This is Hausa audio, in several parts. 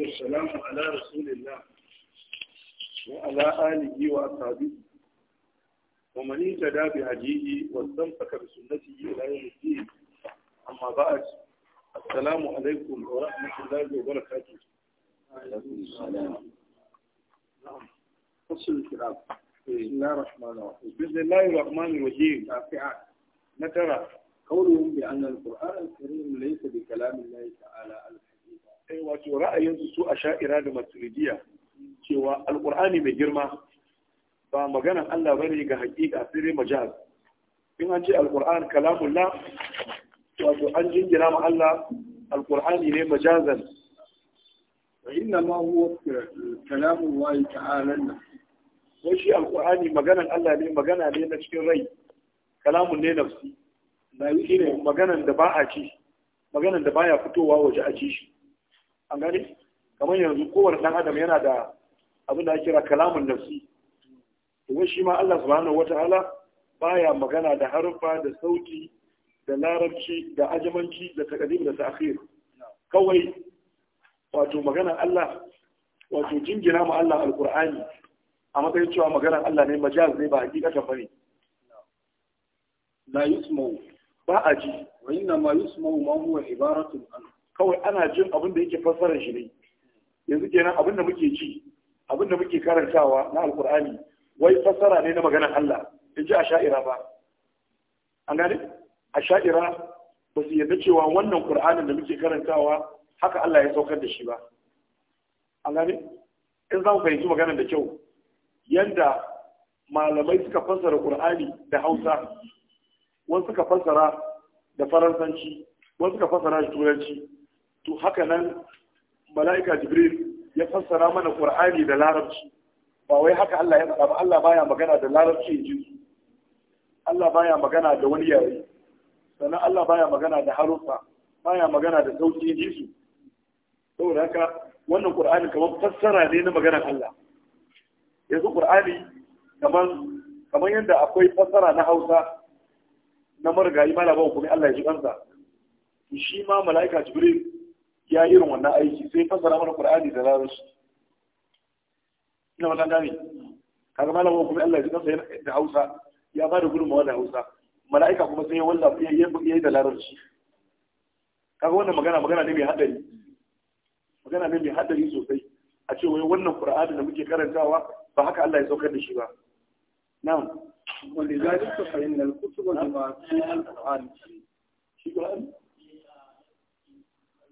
والسلام على رسول الله وعلى آله وأصحابه ومن اهتدى بهديه واستمسك بسنته إلى يوم الدين أما بعد السلام عليكم ورحمة الله وبركاته وعليكم السلام نعم أصل الكلام بسم الله الرحمن الرحيم بسم الله الرحمن الرحيم تاسعة نترى قولهم بأن القرآن الكريم ليس بكلام الله تعالى Eh, wato ra'ayinsu su a sha'ira da maturidiya cewa alkur'ani mai girma ba maganan Allah bane ga hakika sai dai majaz in an ce alkur'an kalamullah wato an jingira ma Allah alkur'ani ne majazan wa inna ma huwa kalamullahi ta'ala Ko shi alkur'ani maganan Allah ne magana ne na cikin rai kalamun ne nafsi na yi ne maganan da ba a ci maganan da baya fitowa waje a ci shi an gani kamar yanzu kowane ɗan adam yana da abin da ake kira kalamun nafsi domin shi ma Allah subhanahu wataala baya magana da harfa da sauti da larabci da ajamanci da takadim da ta'khir kawai wato magana Allah wato jingina ma Allah alqur'ani a matsayin cewa magana Allah ne majaz ne ba hakikatan bane la yusmau ba a ji wa inna ma yusmau ma huwa ibaratun an kawai ana jin abin da yake fassarar shi ne yanzu kenan abin da muke ji abin da muke karantawa na alkur'ani wai fassara ne na maganar Allah in ji a sha'ira ba an gane a sha'ira ba su yarda cewa wannan Kur'anin da muke karantawa haka Allah ya saukar da shi ba an gane in za mu fahimci maganar da kyau yanda malamai suka fassara qur'ani da hausa wasu suka fassara da faransanci wasu suka fassara da turanci to haka nan mala'ika jibril ya fassara mana qur'ani da larabci ba wai haka Allah ya faɗa ba Allah baya magana da larabci ya ji Allah baya magana da wani yare sannan Allah baya magana da haruffa baya magana da sauki ya ji su saboda haka wannan qur'ani kamar fassara ne na maganar Allah yanzu qur'ani kamar kamar yadda akwai fassara na Hausa na marigayi malaba kuma Allah ya ji kansa shi ma mala'ika jibril ya yi irin wannan aiki sai fassara mana Qur'ani da larabci ina wannan gane kaga malamin kuma Allah ya kasa da Hausa ya bada gudunmawa da Hausa mala'ika kuma sai ya wallafa ya yi da larabci kaga wannan magana magana ne mai hadari magana ne mai hadari sosai a ce wai wannan Qur'ani da muke karantawa ba haka Allah ya saukar da shi ba na'am ولذلك فإن الكتب جماعة القرآن الكريم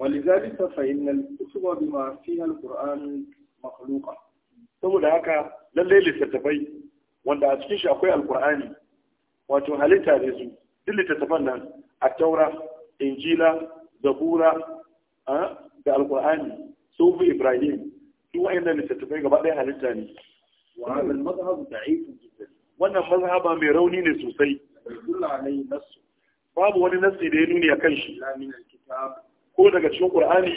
ولذلك فإن الكتب بما فيها القرآن مخلوقة saboda haka lallai littattafai wanda a cikin shi akwai alkur'ani wato halitta ne su duk littattafan nan a taura injila zabura ah, da alkur'ani sufi ibrahim duk wa'annan littattafai gaba ɗaya halitta ne wannan mazhabu da'if jiddan wannan mazhaba mai rauni ne sosai babu wani nassi da ya nuni a kan shi ko daga cikin Qur'ani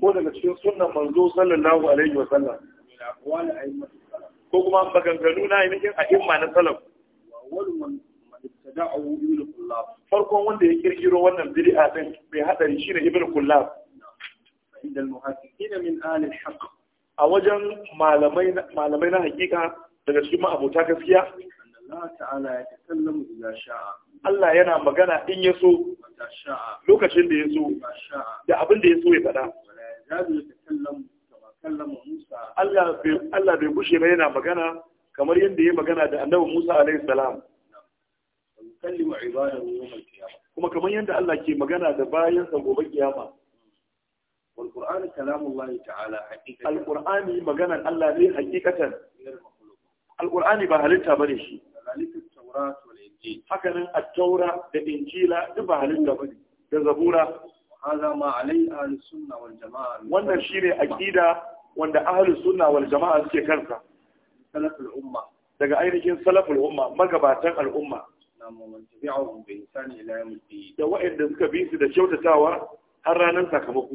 ko daga cikin sunnan manzo sallallahu alaihi wa sallam ko kuma maganganu na a imma na salaf farkon wanda ya kirkiro wannan bid'a din bai hadari shine ibnu kullab inda al min ahli haqq a wajen malamai malamai na hakika daga cikin ma'abota gaskiya Allah ta'ala ya sha'a Allah yana magana in ya so lokacin da ya so da abin da ya so ya faɗa Allah bai kushe ba yana magana kamar yadda ya magana da annabi Musa alaihi salam kuma kamar yadda Allah ke magana da bayan sa gobe kiyama والقرآن كلام Allah ne hakikatan. القرآن ba halitta ba ne shi. taurat wal haka nan at-taura da injila duk ba da zabura hada ma alai ahli sunna wal jamaa wanda ahli jamaa suke kansa salaful umma daga ainihin salaful al'umma, magabatan al'umma da wa'anda suka bi su da kyautatawa har ranar sakamako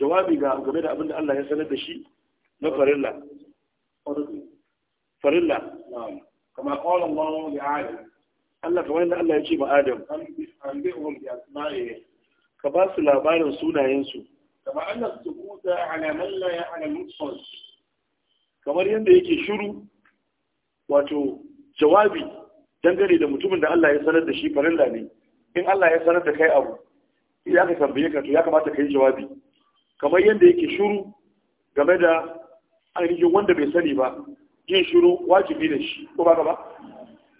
jawabi ga game da abin da Allah ya sanar da shi na farilla farilla kama qala Allah ya Adam Allah kamar yadda Allah ya ce ma Adam ka ba su labarin sunayensu kama Allah sukuta ala man la ya'lamu kamar yadda yake shiru wato jawabi dangane da mutumin da Allah ya sanar da shi farilla ne in Allah ya sanar da kai abu ya ka tambaye ka to ya kamata ka yi jawabi kamar yadda yake shuru game da ainihin wanda bai sani ba yin shuru wajibi da shi ko ba gaba.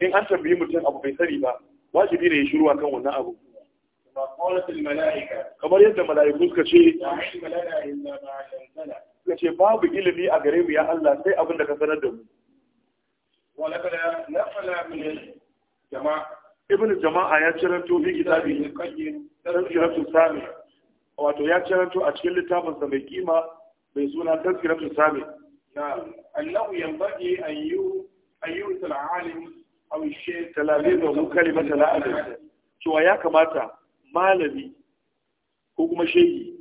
in an tambayi mutum abu bai sani ba wajibi ne ya shuru akan wannan abu kamar yadda mala'iku suka ce suka ce babu ilimi a gare mu ya Allah sai abin da ka sanar da mu ibn jama'a ya ciranto bi kitabi ya ciranto sami wato ya ciranto a cikin littafinsa mai kima mai suna tazkiratul sami na annahu yanbaghi an yu an yursil alim aw shaykh talamizu kalimatan la'alim cewa ya kamata malami ko kuma shehi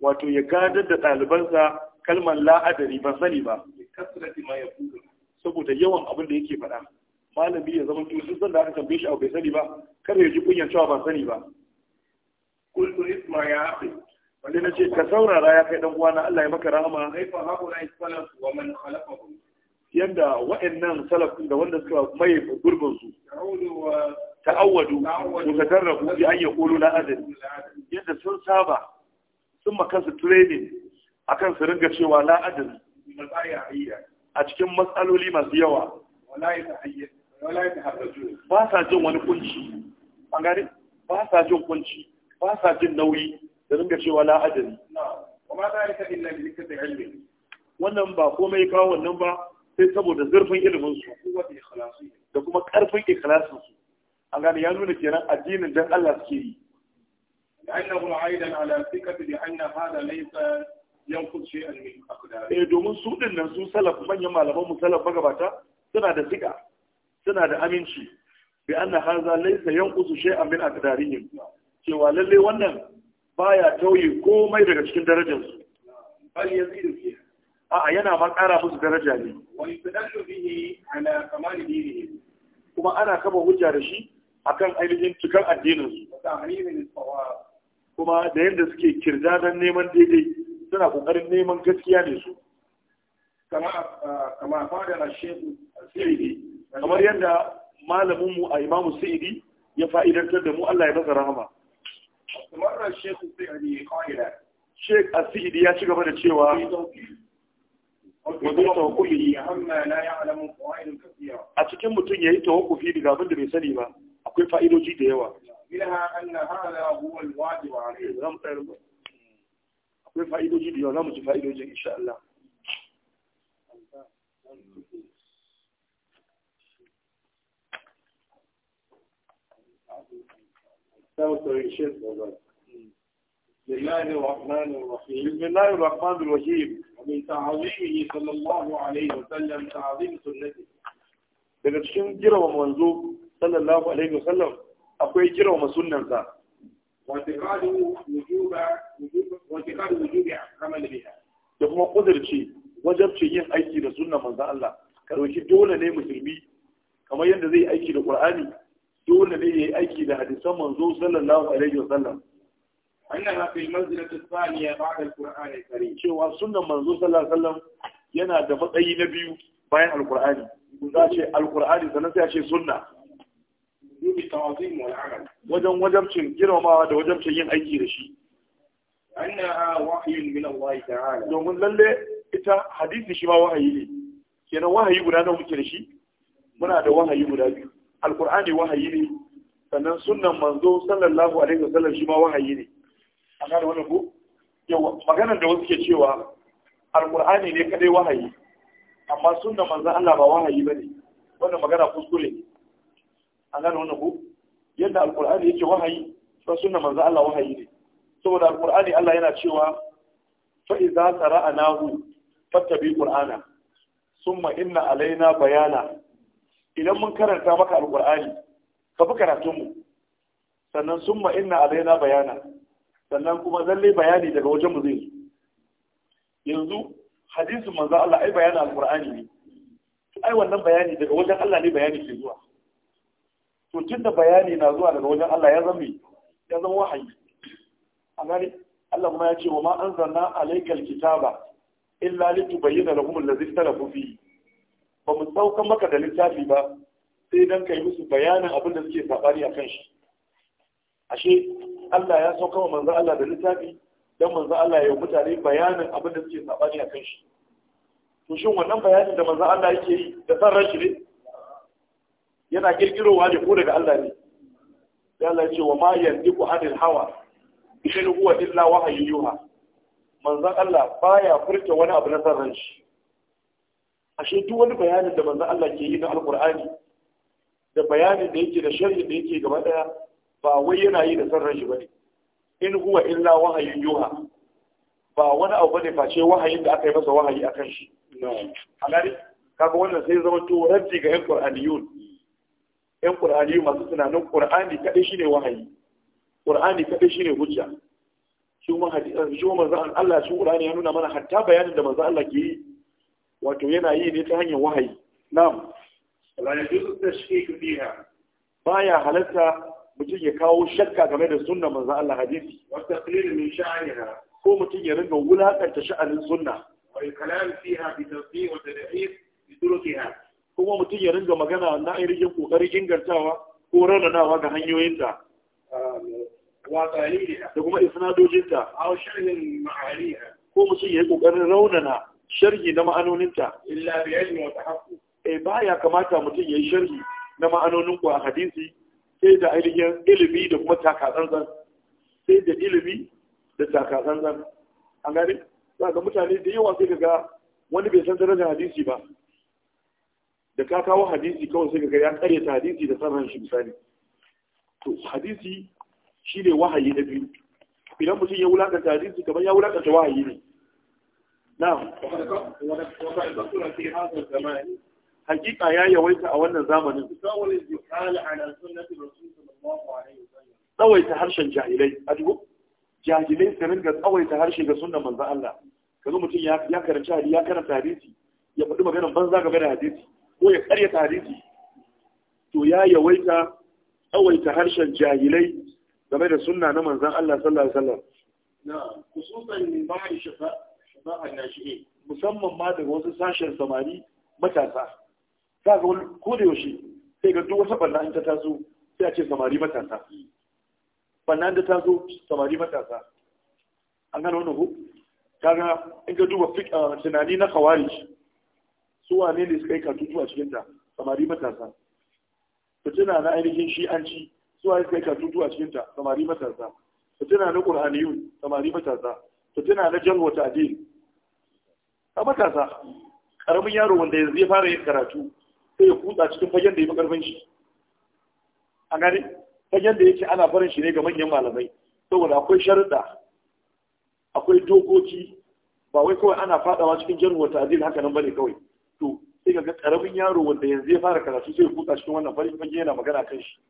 wato ya gadar da ɗalibansa kalmar la'adari ban sani ba saboda yawan abin da yake faɗa malami ya zama to duk da aka tambaye shi abu bai sani ba kada ya ji kunyan cewa ban sani ba kultu isma ya akhi wanda na ce ka saurara ya kai dan uwana Allah ya maka rahama kaifa haula salaf wa man khalafahum yanda wa'annan salaf da wanda suka mai gurbin su ta'awwadu wa tadarrabu bi an yaqulu la yadda sun saba sun maka su training akan su ringa cewa la a cikin matsaloli masu yawa ba sa jin wani kunci ba sa jin nauyi da ringa cewa la ajali kuma bi ilmi wannan ba komai kawo wannan ba sai saboda zurfin ilimin su da kuma karfin ikhlasin su an gane ya nuna kenan addinin dan Allah suke yi لأنه عيدا على ثقة بأن هذا ليس ينقض شيئا من أقداره. إيه سلف من مسلف بقى suna da siga suna da aminci bi anna haza laysa a shay'an min aqdarihim cewa lalle wannan baya tauye komai daga cikin darajar su bal yazidu fiha a yana ma ƙara musu daraja ne wa yudallu bihi ala kamal dinihi kuma ana kaba hujja da shi akan ainihin cikar addinin su kuma da yadda suke kirja don neman daidai suna kokarin neman gaskiya ne su kama ah, fadana shehu sa'idi kamar yadda malaminmu a imamu sa'idi ya fa'idantar da mu Allah ya masa rahama مرة الشيخ السعدي قائلا شيخ السعدي يا شيخ بدا تشيوا wajen tawakufi a cikin mutum ya yi tawakufi daga abin da bai sani ba akwai fa'idoji da yawa akwai fa'idoji da yawa za mu ci fa'idojin insha Allah بسم الله الرحمن الرحيم ومن تعظيمه صلى الله عليه وسلم تعظيم سنته daga cikin girma manzo sallallahu alaihi wasallam akwai girma sunnansa da kuma kudurci wajabci yin aiki da sunnan manzo Allah ka dole ne musulmi kamar yadda zai aiki da Qur'ani dole ne yayi aiki da hadisan manzo sallallahu alaihi wasallam annaha fil manzilati thaniya ba'da al-qur'an al-karim cewa sunnan manzo sallallahu alaihi wasallam yana da matsayi na biyu bayan al-qur'ani za ce al-qur'ani sannan sai a ce sunna bi ta'zim wal 'amal wajen wajabcin girmamawa da wajabcin yin aiki da shi annaha wahyun min Allah ta'ala domin lalle ita hadisi shi ma wahayi ne kenan wahayi guda nawa muke da shi muna da wahayi guda biyu alkur'ani wahayi ne sannan sunan manzo sallallahu alaihi wasallam shi ma wahayi ne A gane wannan ku, yawa maganar da wasu ke cewa alkur'ani ne kadai wahayi amma sunan manzo Allah ba wahayi bane wannan magana kuskure ne an gane wannan ku, yadda alkur'ani yake wahayi ba sunan manzo Allah wahayi ne saboda alkur'ani Allah yana cewa fa idza qara'nahu fattabi qur'ana summa inna alaina bayana idan mun karanta maka Alƙur'ani, ka fi karatunmu. mu sannan summa a alaina bayana sannan kuma zalle bayani daga wajen mu zai yanzu hadisin manzan Allah ai bayanin Alƙur'ani ne ai wannan bayani daga wajen Allah ne bayani ke zuwa to tunda bayani na zuwa daga wajen Allah ya zama ya zama wahayi a gani Allah kuma ya ce wa ma zanna alaikar kitaba illa litubayyana lahum allazi ikhtalafu fihi ba mu saukan maka da littafi ba sai don kai musu bayanin abin da suke saɓani a kan shi ashe Allah ya sauka wa manzo Allah da littafi don manzo Allah ya yi mutane bayanin abin da suke saɓani a kan shi to shin wannan bayanin da manzo Allah yake yi da san rashi ne yana kirkirowa ne ko daga Allah ne sai Allah ya ce wa ma yanziku anil hawa in huwa illa wahyu yuha manzo Allah baya furta wani abu na san shi. ashe duk wani bayanin da manzo Allah ke yi na alqur'ani da bayanin da yake da sharhi da yake gaba daya ba wai yana yi da sarran shi bane in huwa illa wahayin yuha ba wani abu bane face wahayin da aka yi masa wahayi akan shi alari kaga wannan sai zama to raddi ga yan qur'aniyun yan qur'aniyun masu tunanin qur'ani kadai shine wahayi qur'ani kadai shine hujja shi kuma hadisi shi kuma manzo Allah shi qur'ani ya nuna mana hatta bayanin da manzo Allah ke yi wato yana yi ne ta hanyar wahayi na'am la yajuzu tashkik fiha baya halatta mutum ya kawo shakka game da sunna manzo Allah hadisi wa taqlil min sha'niha ko mutum ya ringa wulakanta sha'anin sunna wa kalam fiha bi tawfiq wa tad'if bi turukiha kuma mutum ya ringa magana na irin kokarin ingantawa ko rananawa ga hanyoyinta da kuma isnadojinta ko mutum ya yi kokarin raunana sharhi na ma'anoninta illa bi ilmi wa tahaqqu eh baya kamata mutum yayi sharhi na ma'anonin ku a hadisi sai da ainihin ilimi da kuma takatsantsan sai da ilimi da takatsantsan an gane za ga mutane da yawa sai ga wani bai san darajar hadisi ba da ka kawo hadisi kawai sai ga ya ta hadisi da sanar shi misali to hadisi shi ne wahayi na biyu idan mutum ya wulakanta hadisi kamar ya wulakanta wahayi ne na'am hakika ya yawaita a wannan zamanin tsawaita harshen jahilai a duk jahilai su ringa tsawaita harshe ga sunan manzan Allah kaga mutum ya karanta hadisi ya karanta hadisi ya faɗi maganar banza game da hadisi ko ya ta hadisi to ya yawaita tsawaita harshen jahilai game da sunna na manzan Allah sallallahu alaihi wasallam na khususan min ba'd shafa musamman ma daga wasu sashen samari matasa za ga wani ko da yaushe sai ga duk wasu banna ta taso sai a ce samari matasa banna da taso samari matasa an gano wani Ka ga in ka duba ah, tunani na kawari su wane ne suka yi katutu a cikinta samari matasa tuna na ainihin shi'anci su wane suka yi katutu a cikinta samari matasa tuna na ƙur'aniyun samari matasa tuna na wata adil a matasa ƙaramin yaro wanda yanzu ya fara yin karatu sai ya kutsa cikin fagen da ya fi ƙarfin shi a gani fagen da yake ana barin shi ne ga manyan malamai saboda akwai sharuɗa akwai dokoki ba wai kawai ana fadawa cikin jarhuwar azil haka nan bane kawai to sai ga ƙaramin yaro wanda yanzu ya fara karatu sai ya kutsa cikin wannan fagen yana magana kan shi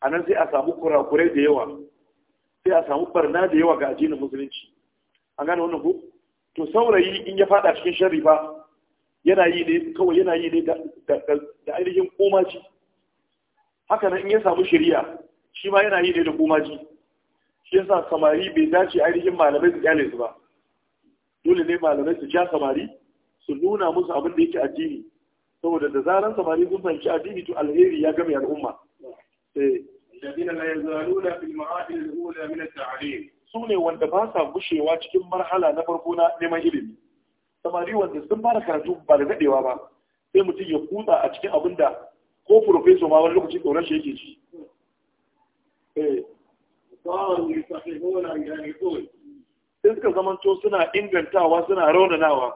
a nan sai a samu kurakurai da yawa sai a samu barna da yawa ga addinin musulunci an gane wannan ko to saurayi in ya fada cikin sharri ba yana yi ne kawai yana yi ne da ainihin komaji haka nan in ya samu shari'a shi ma yana yi ne da komaji shi yasa samari bai dace ainihin malamai su gane su ba dole ne malamai su ja samari su nuna musu abin da yake addini saboda da zaran samari sun fahimci addini to alheri ya gama al'umma na الذين لا يزالون في المراحل الأولى من التعليم su ne wanda ba sa gushewa cikin marhala na farko na neman ilimi samari wanda sun fara karatu ba da daɗewa ba sai mutum ya kutsa a cikin abin da ko profeso ma wani lokaci tsoron shi yake ci eh, sai suka zamanto suna ingantawa suna raunanawa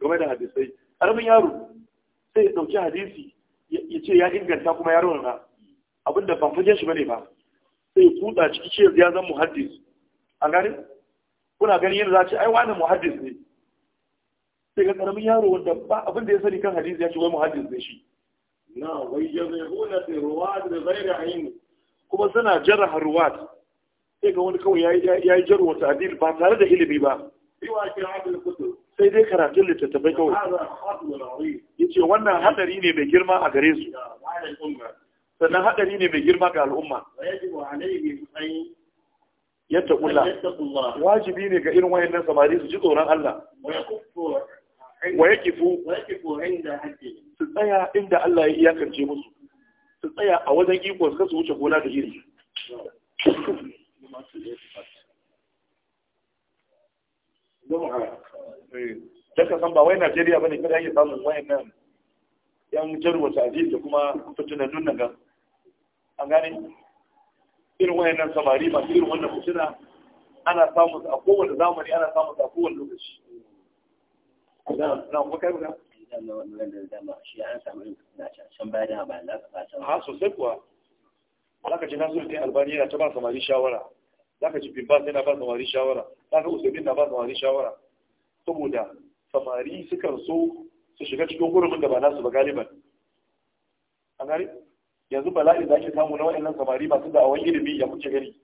game da hadisai ƙaramin yaro sai ya ɗauki hadisi ya ce ya inganta kuma ya raunana da ban fagen shi bane ba sai kuɗa ciki ce ya zan muhaddis a gani kuna gani yadda za ce ai wani muhaddis ne sai ga karamin yaro wanda ba abin da ya sani kan hadisi ya ce wai muhaddis ne shi na wai da fi da bi da aini kuma suna jarha ruwat sai ga wani kawai ya yi jarwa ta'dil ba tare da ilimi ba sai dai karatun littattafai kawai yace wannan hadari ne mai girma a gare su sannan haɗari ne mai girma ga al'umma yadda ƙulla wajibi ne ga irin wayannan samari su ji tsoron Allah wa ya kifu su tsaya inda Allah ya iyakance musu su tsaya a wajen iko su kasu wuce gona da iri don ka san ba wai Najeriya bane kada ake samun wayannan yan jarwata da kuma fitinannun nan an gane irin wayannan samari masu irin wannan fitina ana samun a kowane zamani ana samun a kowane lokaci na kuma kai guda ha sosai kuwa za ka ji nasiru ta albani yana ta ba samari shawara za ka ji bimbas yana ba samari shawara za ka usaimin na ba samari shawara saboda samari sukan so su shiga cikin gurumin da ba nasu ba galiban an gari yanzu bala'i za ki samu na wa'annan samari masu da awon ilimi ya wuce gari.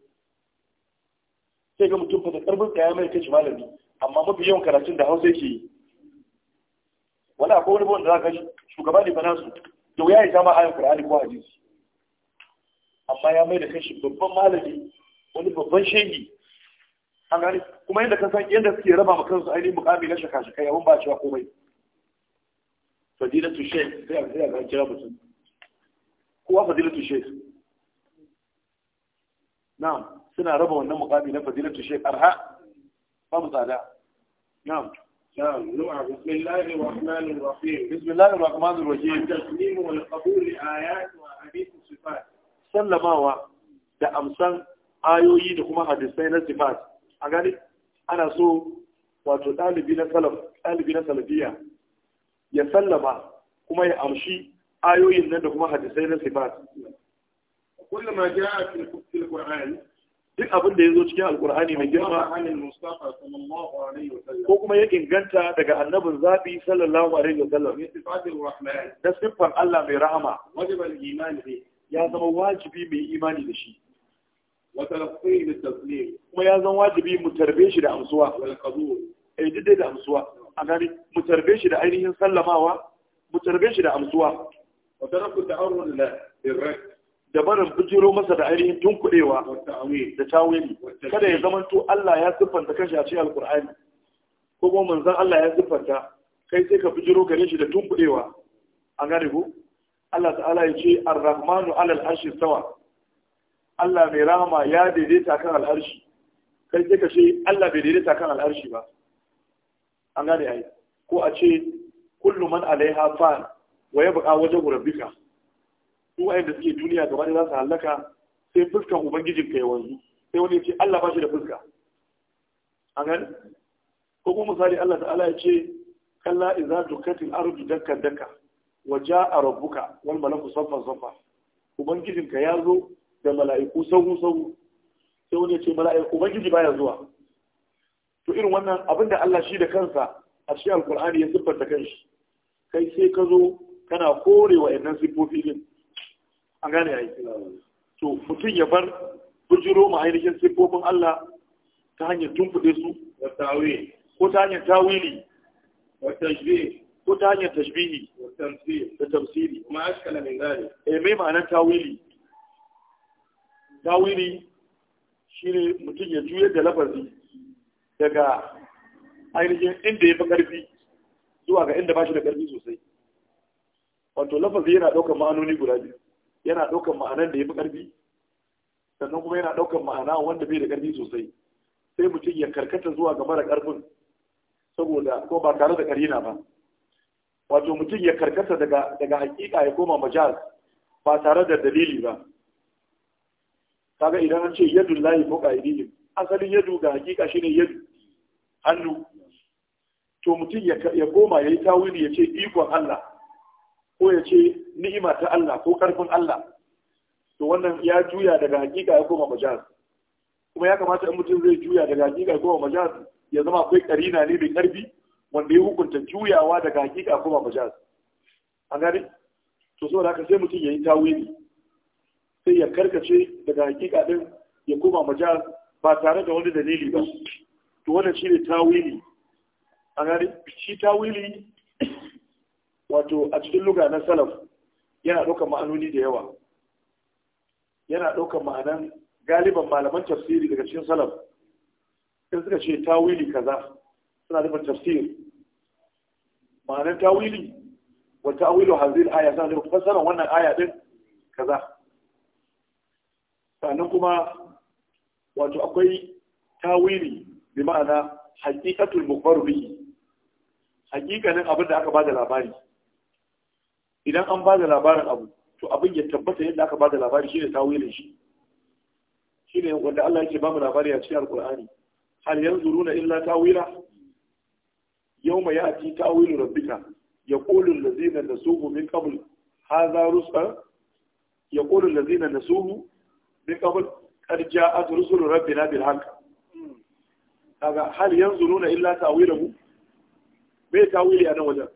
sai ga mutum fa da karbin ya mai kashi malami amma mafi yawan karatun da hausa yake yi wani akwai wani wanda za ka shugaba ne bana su da wuya ya sama ayan kur'ani ko hadisi amma ya mai da kashi babban malami wani babban shehi an gani kuma yadda ka san yadda suke raba ma kansu ainihin mukami na shaka-shaka yawon ba cewa komai fadilatu shek sai a kira mutum kowa fadilatu shek na'am suna raba wannan mukami na fadilatu shek arha ba mu tsada na'am بسم الله الرحمن الرحيم بسم الله الرحمن الرحيم التسليم والقبول آيات وحديث الصفات سلموا da amsan ayoyi da kuma hadisai na sifat a gani ana so wato ɗalibi na salafiya ya sallama kuma ya amshi ayoyin nan da kuma hadisai na sifat kullu ma jaa fi qur'an duk abin da yazo cikin alqur'ani mai girma ko kuma ya inganta daga annabin zabi sallallahu alaihi wasallam da sifar Allah mai rahama ya zama wajibi mai imani da shi kuma ya zama wajibi mu tarbe shi da amsuwa eh duk da amsuwa a gari mu tarbe shi da ainihin sallamawa mu tarbe shi da amsuwa wa taraku da barin bijiro masa da ainihin tunkuɗewa da tawili kada ya zamanto Allah ya siffanta kashi a cikin alkur'ani ko kuma manzon Allah ya siffanta kai sai ka bijiro gare shi da tunkuɗewa an gane ku. Allah ta'ala ya ce ar-rahmanu 'ala al-arshi stawa Allah mai rahama ya daidaita kan al'arshi kai sai ka ce Allah bai daidaita kan al'arshi ba an gane ai ko a ce kullu man alaiha fa'al wa ya buƙa wajen rabbika su da suke duniya gaba ɗaya za su hallaka sai fuskan ubangijin ka ya wanzu sai wani ya ce Allah ba shi da fuska an gani ko kuma misali Allah ta'ala ya ce kalla idza dukatil ardu dakka dakka wa jaa rabbuka wal malaku saffan saffa ubangijin ka ya zo da mala'iku sahu sahu sai wani ya ce mala'iku ubangiji baya zuwa to irin wannan abinda Allah shi da kansa a cikin alkur'ani ya siffanta kanshi kai sai ka zo kana kore wa innan siffofi din an gane yayi to mutum ya bar bujiro ma ainihin siffofin Allah ta hanyar tumfuɗe su ko ta hanyar tawili ko ta hanyar tashbihi da tamsiri ma ashkala min zalik eh mai ma'anar tawili tawili shine mutum ya juya da lafazi daga ainihin inda ya fi ƙarfi zuwa ga inda ba shi da ƙarfi sosai wato lafazi yana ɗaukar ma'anoni guda biyu yana ɗaukar ma'anan da ya fi ƙarfi sannan kuma yana ɗaukar ma'ana wanda bai da ƙarfi sosai sai mutum ya karkata zuwa ga mara ƙarfin saboda ko ba tare da ƙarina ba wato mutum ya karkata daga daga hakika ya koma majaz ba tare da dalili ba kaga idan an ce yadu lahi ko qaidihim asalin yadu ga hakika shine yadu hannu to mutum ya koma ya yi tawili ya ce ikon Allah ko ya ce ni'ima ta Allah ko karfin Allah to wannan ya juya daga hakika ya koma majaz kuma ya kamata in mutum zai juya daga hakika ya koma majaz ya zama akwai karina ne mai karfi wanda ya hukunta juyawa daga hakika ya koma majaz an gani to saboda haka sai mutum ya yi tawili sai ya karkace daga hakika din ya koma majaz ba tare da wani dalili ba to wannan shine tawili an gani shi tawili wato a cikin luga na salaf yana ɗaukar ma'anoni da yawa yana ɗaukar ma'anan galiban malaman tafsiri daga cikin salaf in suka ce tawili kaza suna nufin tafsir ma'anan tawili wa ta'wilu hazil aya suna nufin fassara wannan aya din kaza sannan kuma wato akwai tawili bi ma'ana haqiqatul mukhbar bihi haqiqanin abin da aka bada labari idan an ba da labarin abu to abin ya tabbata yadda aka ba da labari shi ne tawilin shi shi ne wanda Allah yake ba mu labari a cikin alkur'ani hal runa illa tawila yawma ya'ti tawilu rabbika yaqulu allazina nasuhu min qabl hadha rusul yaqulu allazina nasuhu min qabl qad ja'at rusul rabbina bil haqq kaga hal runa illa tawilu bai tawili a nan wajen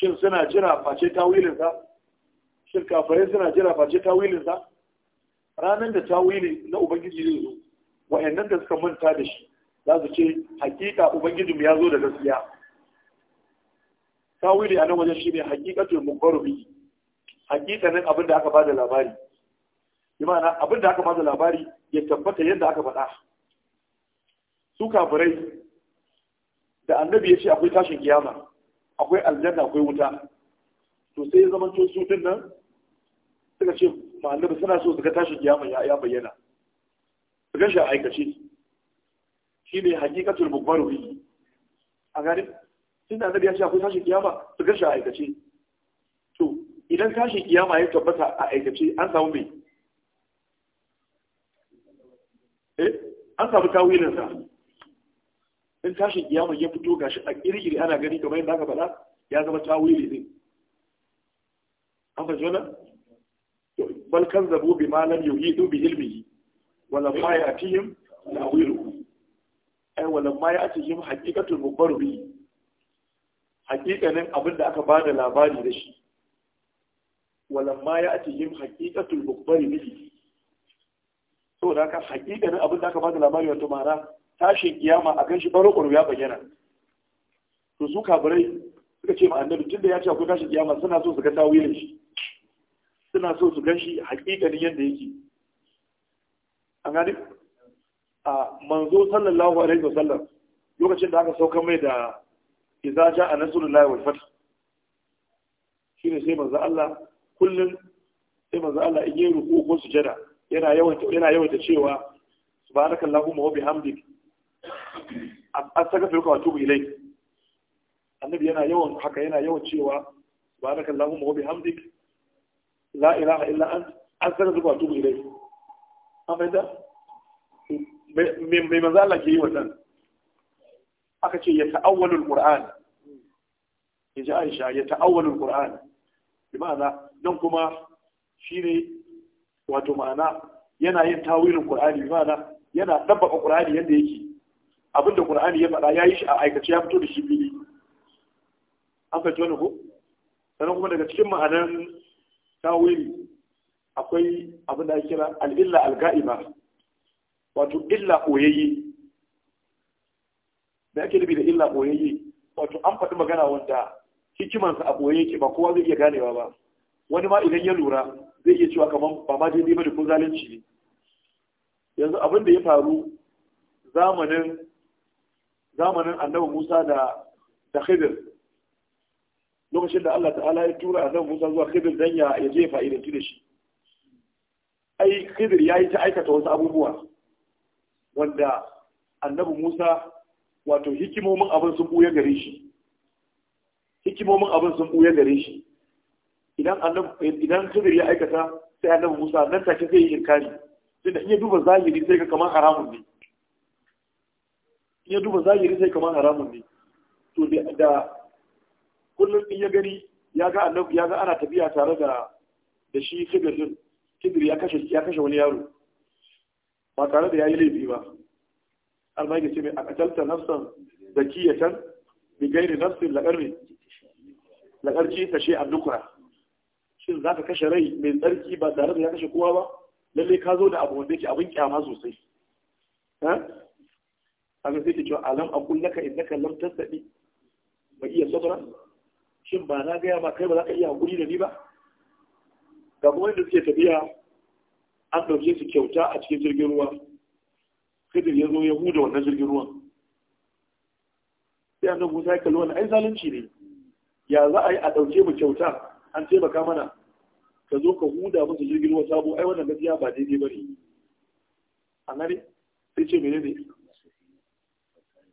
shin suna jira face tawilinsa shin kafirai suna jira face tawilinsa ranar da tawili na ubangiji zai zo wa'annan da suka manta da shi za su ce hakika ubangijin ya zo da gaskiya tawili a nan wajen shi ne hakikatul hakika hakikanin abin da aka bada labari imana abin da aka bada labari ya tabbata yadda aka faɗa su kafirai da annabi ya ce akwai tashin kiyama akwai aljanna akwai wuta to sai ya zama to su din nan suka ce malabi suna so suka tashi kiyama ya bayyana su ga shi a aikace shi ne hakikatul bukbaru bihi a gani tunda annabi ya ce akwai tashi kiyama su ga shi a aikace to idan tashi kiyama ya tabbata a aikace an samu mai eh an samu sa in tashin kiyama ya fito gashi a kirkiri ana gani kamar yadda aka faɗa ya zama tawili ne an fahimci wannan bal kan zabo bi malam yuhidu bi ilmihi wala ma ya'tihim ta'wilu ai wala ma ya'tihim haqiqatul mubbar bi haqiqanin abin da aka bada labari da shi wala ma ya'tihim haqiqatul mubbar bi saboda haka haqiqanin abin da aka bada labari wato ma'ana tashin kiyama a ganshi ƙwaro ya bayyana to su kafirai suka ce ma annabi tunda ya ce akwai tashin kiyama suna so su ga tawilin shi suna so su ganshi hakikanin yadda yake an gani a manzo sallallahu alaihi wasallam lokacin da aka sauka mai da idza a nasrullahi wal fath shine sai manzo Allah kullum sai manzo Allah in yi ruku ko sujada yana yawan yana yawan cewa subhanakallahumma wa bihamdika fi wa tubu ilai annabi yana yawan haka yana yawan cewa subhanakallahumma wa bihamdik la ilaha illa saka fi wa tubu ilai an fahimta mai manzo Allah ke yi wannan aka ce ya ta'awwalu alquran ya ji Aisha ya ta'awwalu alquran bi ma'ana nan kuma shine wato ma'ana yana yin tawilin qur'ani bi ma'ana yana dabba qur'ani yanda yake abin da Qur'ani ya faɗa ya yi shi a aikace ya fito da shi fili an fahimci wani ko sannan kuma daga cikin ma'anar tawili akwai abin da ake kira al'illa al-ga'iba wato illa koyayye da ake nufi da illa koyayye wato an faɗi magana wanda hikimansa a koyayye ke ba kowa zai iya ganewa ba wani ma idan ya lura zai iya cewa kamar ba ma daidai ba da ko zalunci ne yanzu abin da ya faru zamanin zamanin annabi Musa da da Khidir lokacin da Allah ta'ala ya tura annabi Musa zuwa Khidir dan ya ya je fa'idanci da shi ai Khidir yayi ta aikata wasu abubuwa wanda annabi Musa wato hikimomin abin sun buya gare shi hikimomin abin sun buya gare shi idan annabi idan Khidir ya aikata sai annabi Musa nan take zai yi inkari tunda in ya duba zahiri sai ga kamar haramun ne ya duba zahiri sai kamar haramun ne to da kullum in ya gani ya ga annabi ya ga ana tafiya tare da da shi kibir din ya kashe ya kashe wani yaro ba tare da yayi laifi ba almai ga ce mai akatalta nafsan zakiyatan bi gairi nafsin laqarri laqarci ta shi annukura shin za ka kashe rai mai tsarki ba tare da ya kashe kowa ba lalle ka zo da abu wanda yake abin kyama sosai haka sai ta ce alam kullaka laka innaka lam tasadi ba iya sabara shin ba na gaya ma kai ba za ka iya hakuri da ni ba ga kuma da suke tafiya an ɗauke su kyauta a cikin jirgin ruwa Kadir ya zo ya huda wannan jirgin ruwan sai an Musa ya kalli wannan ai zalunci ne ya za a yi a ɗauke mu kyauta an taimaka mana ka zo ka huda musu jirgin ruwa sabo ai wannan gaskiya ba daidai bane annabi sai ce menene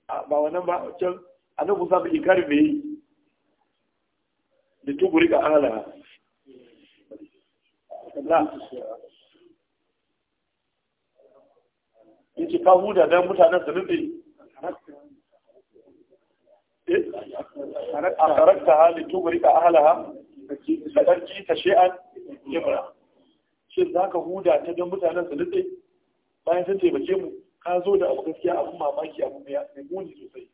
ba wannan ba can annabi musa bai inkari me yi da tuguri ga ala la yace ka huda dan mutanen su nufi eh? a karakta hali tuguri ga ahalaha sadarki ta shi'an ibra shin za ka huda ta don mutanen su nufi bayan sun taimake mu ka zo da abu gaskiya abu mamaki abu mai muni sosai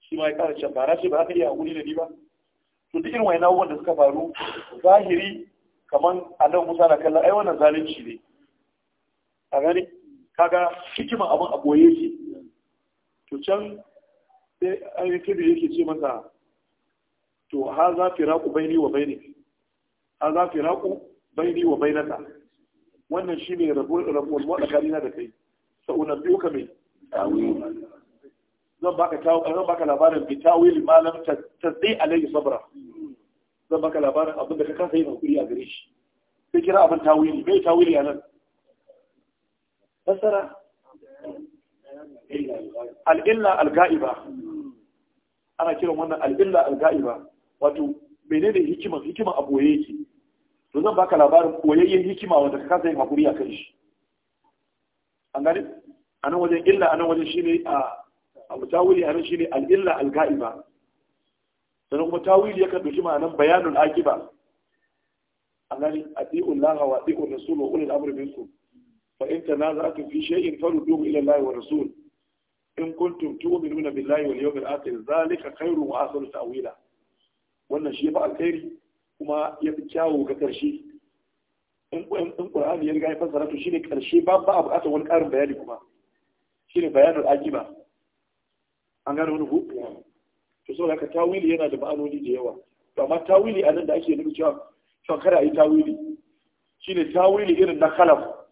shi ma ya kara can ba ce ba za ka iya hakuri da ni ba to duk irin wayan abubuwan da suka faru zahiri kamar annabi Musa na kallon ai wannan zalunci ne a gani kaga hikiman abun a boye ce to can sai yi tudu yake ce masa to ha za raku baini wa baini ha za raku baini wa bainata wannan shi ne rabuwar maɗakarina da kai sa'unabbi'uka min ta'wil zan baka tawo zan baka labarin bi tawil malam tasdi alayhi sabra zan baka labarin abin da ka kasa yin hakuri a gare shi sai kira abin tawili bai tawili anan fasara al-illa al-ga'iba ana kiran wannan al-illa al-ga'iba wato menene hikima hikima a boye yake to zan baka labarin koyayyen hikima wanda ka kasa yin hakuri a kan shi an gani a nan wajen illa a nan wajen shine a abu tawili a nan shine al'illa al-ga'iba sannan kuma tawili yakan dauki ma'anan bayanul akiba an gani adi'ul laha wa adi'ur rasul wa ulil amri minkum fa in tanaza'tum fi shay'in farudduhu ila allahi wa rasul in kuntum tu'minuna billahi wal yawmil akhir zalika khairun wa ahsanu ta'wila wannan shi fi alkhairi kuma yafi kyawu ga karshe in ƙur'ani ya riga ya fassara to shine ƙarshe ba ba a buƙatar wani ƙarin bayani kuma shine bayanin akiba an gane wani ku to saboda haka tawili yana da ma'anoni da yawa to amma tawili anan da ake nufi cewa cewa kada a yi tawili shine tawili irin na khalaf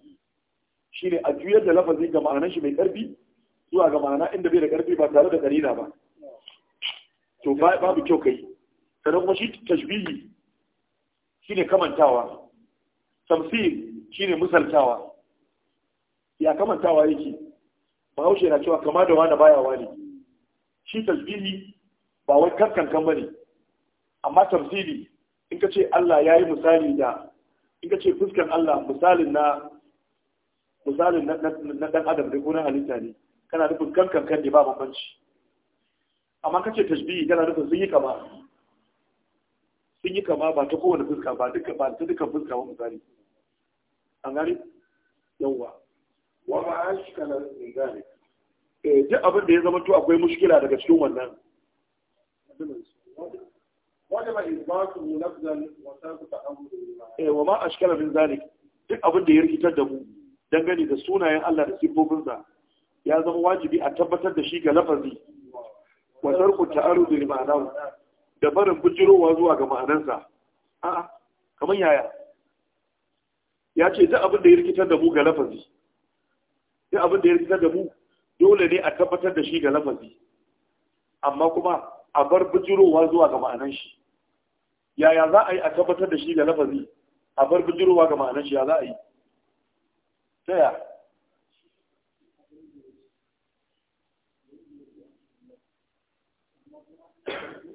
shine a juyar da lafazi ga ma'anar shi mai ƙarfi zuwa ga ma'ana inda bai da ƙarfi ba tare da karina ba to babu kyau kai sannan kuma shi tashbihi shine kamantawa tamsil shine misaltawa ya kamantawa yake bahaushe na cewa kama da wani baya wani shi tasbihi ba wai kankan bane amma tamsili in ka ce Allah yayi misali da in ka ce Allah misalin na misalin na dan adam da gonan halitta ne kana nufin kankan kan ne ba bambanci amma ka ce tashbihi kana nufin sun yi kama sun yi kama ba ta kowane fuska ba duka ba ta duka fuska ba misali an gani yawwa wa ba a shi kana gane eh duk abin da ya zama to akwai mushkila daga cikin wannan wa sarfu ta'amul eh ma ashkala min zane. duk abin da ya rikitar da mu dangane da sunayen Allah da sifofinsa ya zama wajibi a tabbatar da shi ga lafazi wa sarfu ta'arud li ma'anahu da barin bujirowa zuwa ga ma'anansa a'a kamar yaya ya ce duk abin da ya rikitar da mu ga lafazi duk abin da ya rikitar da mu dole ne a tabbatar da shi ga lafazi amma kuma a bar bujirowa zuwa ga ma'anan shi yaya za a yi a tabbatar da shi ga lafazi a bar bujirowa ga ma'anan shi ya za a yi Thank you.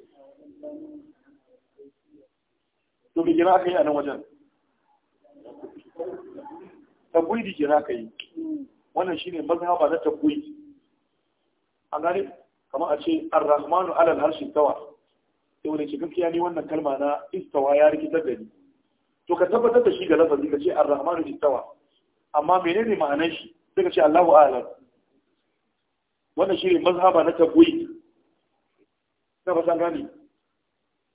to bi kira aka yi a nan wajen tabbidi kira aka yi wannan shine mazhaba na tabbidi an gane kamar a ce ar-rahmanu alal harshen tawa sai wani ce gaskiya ne wannan kalma na istawa ya rikitar da ni to ka tabbatar da shi ga lafazi ka ce ar-rahmanu istawa amma menene ma'anar shi sai ka ce Allahu a'lam wannan shine mazhaba na tabbidi na ba san gane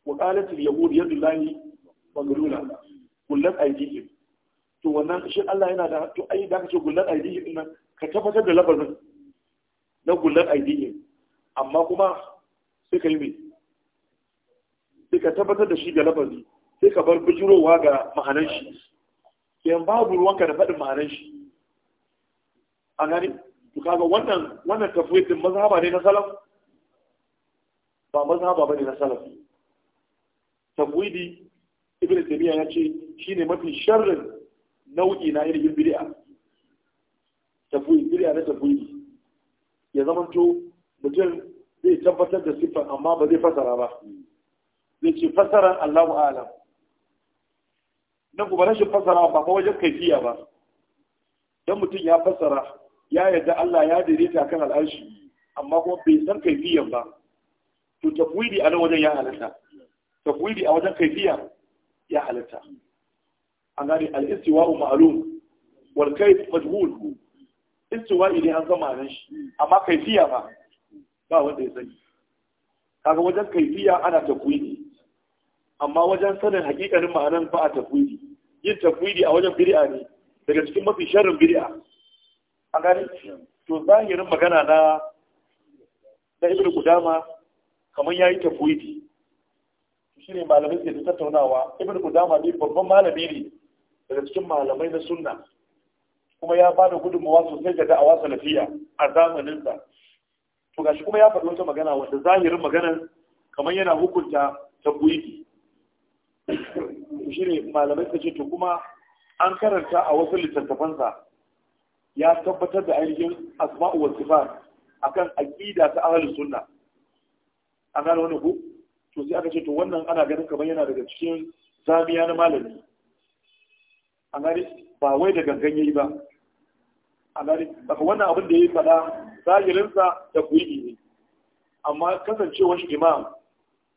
wa qalat al yahud yadullahi maghlula kullat aydihim to wannan shi Allah yana da to ai da kace gullat aydihim din nan ka tabbatar da labarin na gullat aydihim amma kuma sai ka yi mai sai ka tabbatar da shi da lafazi sai ka bar bijirowa ga ma'anar shi yan babu ka da faɗin ma'anar shi a gani to kaga wannan wannan tafwidin mazhaba ne na salaf ba mazhaba bane na salaf tabwidi ibn tabiya ya ce shine mafi sharrin nau'i na irin bid'a tabwidi bid'a na tabwidi ya to mutum zai tabbatar da siffar amma ba zai fasara ba zai ce fasara Allahu a'lam nan kuma rashin fasara ba ba wajen kaifiya ba dan mutum ya fasara ya yarda Allah ya daidaita kan al'arshi amma kuma bai san kaifiyan ba to tabwidi a nan wajen ya halatta tafwidi a wajen kaifiya ya halitta an gane al wa ma'alum wal kayf majhul istiwa'i idan an zama nan shi amma kaifiya ba ba wanda ya sani kaga wajen kaifiya ana tafwidi amma wajen sanin hakikarin ma'anan ba a tafwidi yin tafwidi a wajen bid'a ne daga cikin mafi sharrin bid'a an gane to zahirin magana na na ibnu qudama kamar yayi tafwidi ne malamai ke tattaunawa ibn kudama ne babban malami ne daga cikin malamai na sunna kuma ya ba da gudunmawa sosai ga da'awa salafiya a zamaninsa to gashi kuma ya faɗi wata magana wanda zahirin maganar kamar yana hukunta ta shi ne malamai ta ce to kuma an karanta a wasu littattafansa ya tabbatar da ainihin asma'u wa sifat akan aqida ta ahlus sunna an gano wani ku to sai aka ce to wannan ana ganin kamar yana daga cikin zamiya na malami a gani ba wai da gangan yayi ba a gani daga wannan abin da ya yi faɗa zahirinsa da kuyi ne amma kasancewar shi imam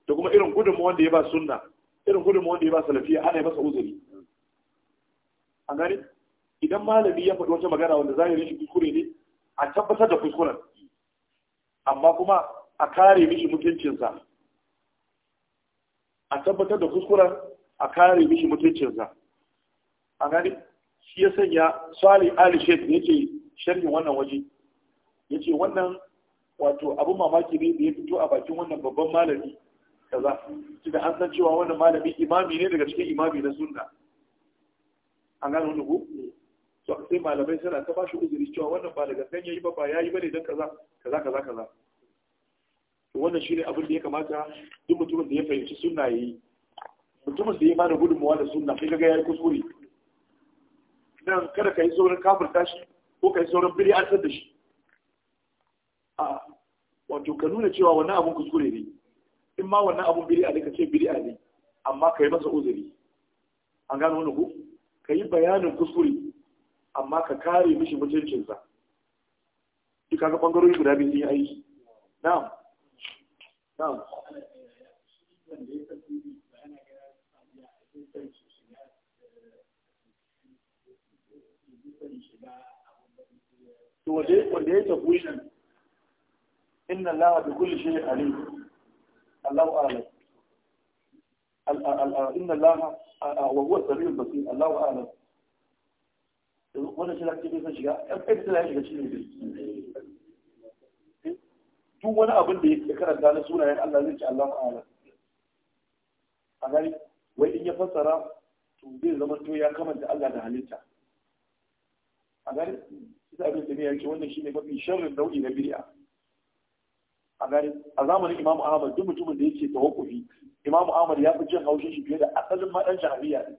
da kuma irin gudunmu wanda ya ba sunna irin gudunmu wanda ya ba salafiya ana yi masa uzuri a gani idan malami ya faɗi wata magana wanda zahirin shi kuskure ne a tabbatar da kuskuren amma kuma a kare mishi mutuncinsa a tabbatar da kuskuren a kare mishi mutuncinsa a gani shi ya sanya tsari ali shek ne ce sharhin wannan waje ya ce wannan wato abin mamaki ne da ya fito a bakin wannan babban malami kaza tunda an san cewa wannan malami imami ne daga cikin imami na sunna an gano wani ku sai malamai suna ta bashi uzuri cewa wannan ba daga sanya yi ba ba yi bane dan kaza kaza kaza kaza wannan shi ne abin da ya kamata duk mutumin da ya fahimci suna ya yi mutumin da ya bada gudunmawa da suna, sai gaga ya yi kuskure nan kada ka yi saurin kafin shi ko ka yi saurin biri an da shi a wato ka nuna cewa wannan abun kuskure ne in ma wannan abun biri a ne ka ce biri a ne amma ka yi masa uzuri an gano wani ku ka yi bayanin kuskure amma ka kare mishi mutuncinsa. duka ga ɓangarori guda biyu sun yi aiki. Na'am. نعم. إن الله بكل شيء عليم الله أعلم إن الله وهو السميع البصير الله أعلم وانا شلك تبي فشيا ابتلاش إيه بشيء duk wani abin da ya karanta na sunayen Allah zai ci Allah ta'ala a gani wai in ya fassara to zai zama to ya kamanta Allah da halitta a gani isa abin da ne ya ce wannan shine mafi sharrin nau'i na bid'a a gani a zamanin Imam Ahmad duk mutumin da yake tawakkufi Imam Ahmad ya fi jin haushin shi fiye da asalin ma jahiliya ne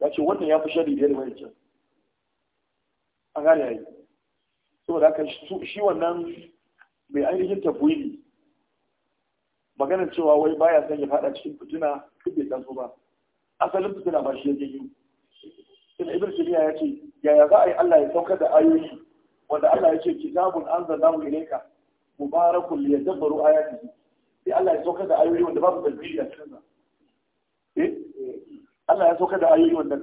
ya ce wannan ya fi sharri fiye da wancan a gani yayi saboda haka shi wannan mai ainihin tafwili maganar cewa wai baya son ya fada cikin fitina duk bai taso ba asalin fitina ba shi yake yi sai ibn siriya ya ce yaya za a yi Allah ya saukar da ayoyi wanda Allah ya ce kitabun anzalnahu ilayka mubarakun liyadabbaru ayati sai Allah ya saukar da ayoyi wanda babu tadbiri a cikin sa eh Allah ya saukar da ayoyi wanda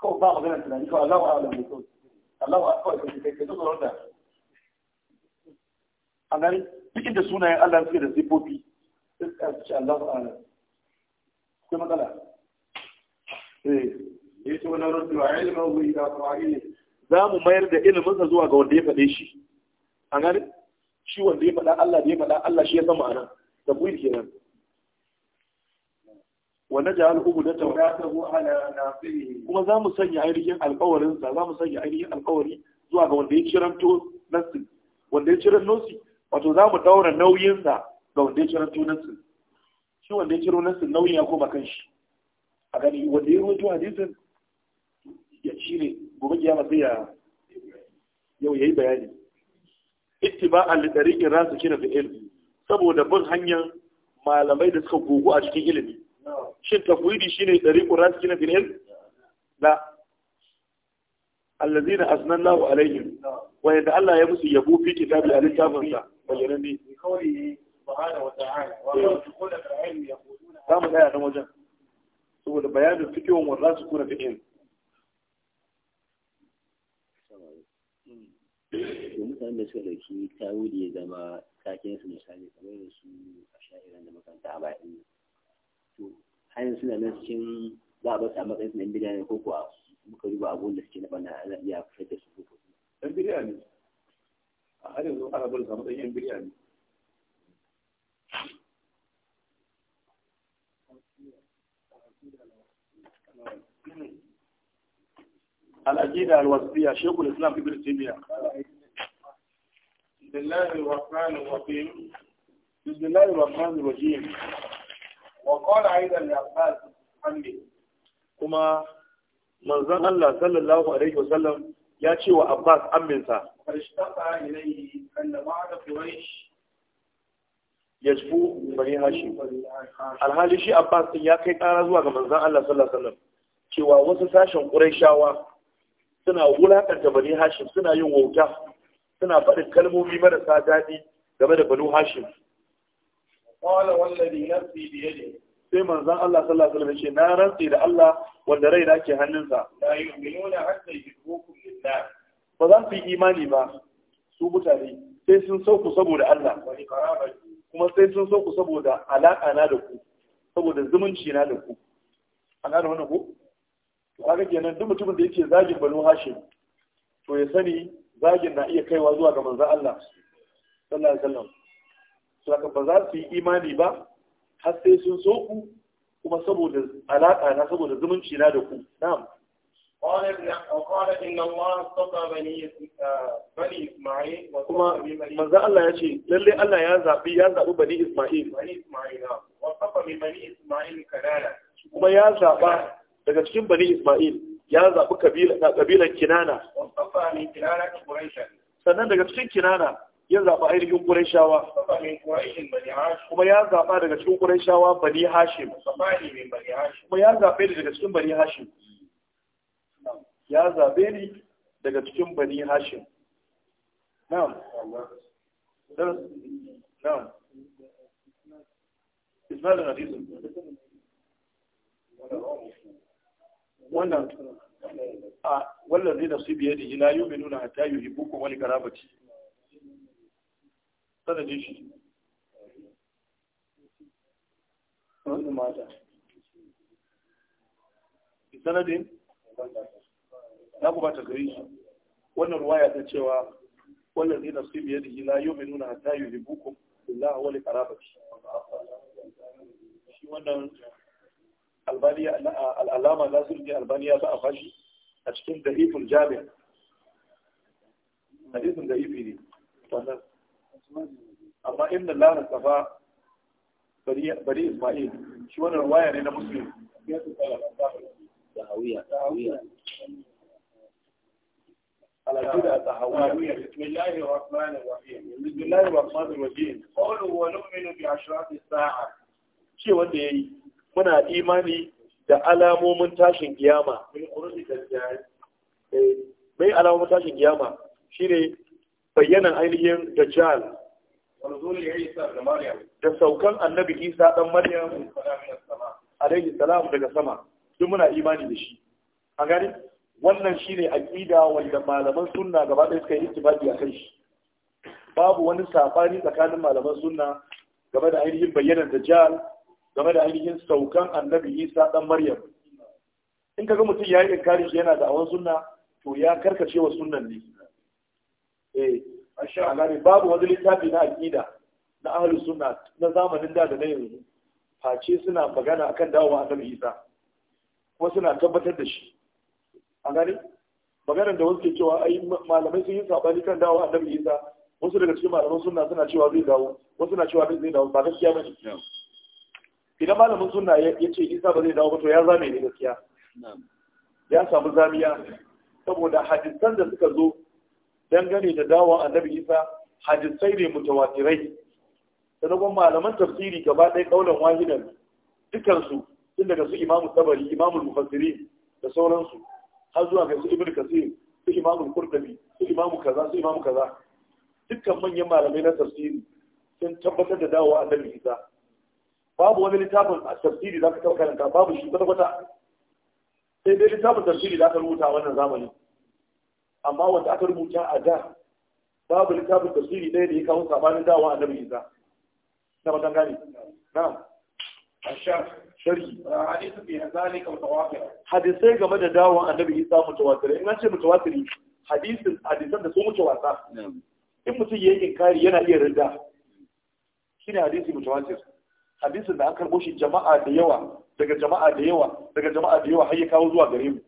kawai ba maganar tunani kawai Allahu alamu kawai Allahu a'lam kawai kai kai kai a gani duk inda sunayen Allah suke da sifofi sai su ce Allah ta'ala akwai matsala eh yace wannan rubuwa ilmu ila fa'ili za mu mayar da iliminsa zuwa ga wanda ya faɗe shi a gani shi wanda ya faɗa Allah da ya faɗa Allah shi ya san ma'ana da kuyi kenan wa naj'al ubudata wa ta'tahu ala nafihi kuma za mu sanya ainihin alƙawarin sa za mu sanya ainihin alƙawari zuwa ga wanda ya ciranto nasi wanda ya ciran nosi wato za mu daura nauyinsa ga wanda ya ciro tunasin shi wanda ya ciro nasin nauyin ya koma kan shi a gani wanda ya rubuto hadisin ya cire gobe kiyama sai ya yau yayi bayani ittiba'an li rasu kira fi ilmi saboda bin hanyar malamai da suka gugu a cikin ilimi shin tafwidi shine tariqin rasikina cikin ilmi la allazina asnallahu alaihim wa yadda Allah ya musu yabo fi kitabi a littafin sa bayanan ne za mu tsaya nan wajen saboda bayanin fikihun wa za su kuna fikihin mutane suka ɗauki tawuri ya zama taken su misali kamar da su a sha'iran da makaranta a bayan to hanyar suna nan cikin za a bata matsayin su na bida ko kuwa muka duba abubuwan da suke na bana ana iya fitar da su ko kuma dan biriya ne a har yanzu ana bar samu dan yan biriya ne الأجيدة الوصفية شيخ الإسلام ابن تيمية بسم الله الرحمن الرحيم بسم الله الرحمن الرحيم وقال أيضا لعباس حمدي كما manzon Allah sallallahu alaihi wasallam ya ce wa Abbas amminsa yajfu bani hashim alhali shi Abbas din ya kai ƙara zuwa ga manzon Allah sallallahu alaihi wasallam cewa wasu sashen Qurayshawa suna wulakanta bani hashim suna yin wauta suna faɗin kalmomi marasa daɗi game da bani hashim qala ya nafsi bi yadihi sai manzan Allah sallallahu alaihi wasallam ya na rantsi da Allah wanda rai da ke hannunsa la yu'minuna hatta yuhibbukum lillah ba za su yi imani ba su mutane sai sun sauku saboda Allah kuma sai sun sauku saboda alaƙa na da ku saboda zumunci na da ku ana da wannan ko to kaga kenan duk mutumin da yake zagin banu hashim to ya sani zagin na iya kaiwa zuwa ga manzan Allah sallallahu alaihi wasallam to ba za su yi imani ba har sai sun so ku kuma saboda alaƙa na saboda zumunci na da ku na'am ah, kuma manzo Allah ya ce lalle Allah ya zabi ya zabi bani Isma'il ah. kuma ya zaba daga cikin bani Isma'il ya zaɓi kabila kabilan Kinana sannan daga cikin Kinana ya zaɓa ainihin shawa. kuma ya zaɓa daga cikin shawa bani hashim kuma ya zaɓe ni daga cikin bani hashim ya zaɓe ni daga cikin bani hashim na'am na'am ismail hadisin wannan a da yi biyadihi la yu'minuna hatta yuhibbukum wa wani karabati sanadin shi sanadin na kuma ta gari shi wannan ruwaya ta cewa wannan zai nasu biyar da hila yau mai nuna hata yi ribukun illa a wani karabaci shi wannan al'alama nasiru ne albaniya za a fashi a cikin da'ifin jami'a hadisin da'ifi ne wannan amma inna lana safa bari isma'il shi wannan waya ne na muslim tahawiya tahawiya العقيدة التحوية بسم الله الرحمن الرحيم بسم الله الرحمن الرحيم قوله ونؤمن بعشرات الساعة شيء وده muna imani da alamomin tashin kiyama mai eh, alamomin tashin kiyama shine bayyana ainihin dajjal da saukan annabi isa dan maryam alaihi salam daga sama duk muna imani da shi a gari wannan shine aqida wanda malaman sunna gaba ɗaya suka yi ittifaqi a kai shi babu wani safari tsakanin malaman sunna game da ainihin bayyanar dajjal game da ainihin saukan annabi isa dan maryam in kaga mutum ya yi inkari shi yana da awon sunna to ya karkace wa sunnan ne eh a babu wani littafi na aƙida na ahlus sunna na zamanin da da na yanzu face suna magana akan dawowa kan Isa kuma suna tabbatar da shi a gani, maganar da wasu ke cewa ai malamai sun yi sabani kan dawowa kan Isa wasu daga cikin malaman sunna suna cewa zai dawo wasu na cewa zai dawo ba gaskiya ba ne? idan malamin sunna ya ce Isa ba zai dawo ba to ya zame ne gaskiya ya samu zamiya saboda hadisan da suka zo dangane da dawo annabi isa hadisai ne mutawatirai sanakon malaman tafsiri gaba ɗaya ƙaunar wahidan dukansu tun daga su imamu tabari imamu mufassiri da sauransu har zuwa ga su ibn kasir su imamu kurtabi su imamu kaza su imamu kaza dukkan manyan malamai na tafsiri sun tabbatar da dawo annabi isa babu wani littafin a tafsiri za ka taɓa karanta babu shi kwata-kwata sai dai littafin tafsiri za ka rubuta wannan zamanin amma wanda aka rubuta a da babu littafin tafsiri ɗaya da ya kawo sabanin dawa a nan isa na matan gane na sharhi hadisai game da dawon annabi isa mutawatir in an ce mutawatir hadisin hadisan da su mutawata in mutum ya yi inkari yana iya rinda ne hadisi mutawatir hadisin da an karɓo shi jama'a da yawa daga jama'a da yawa daga jama'a da yawa har ya kawo zuwa gare mu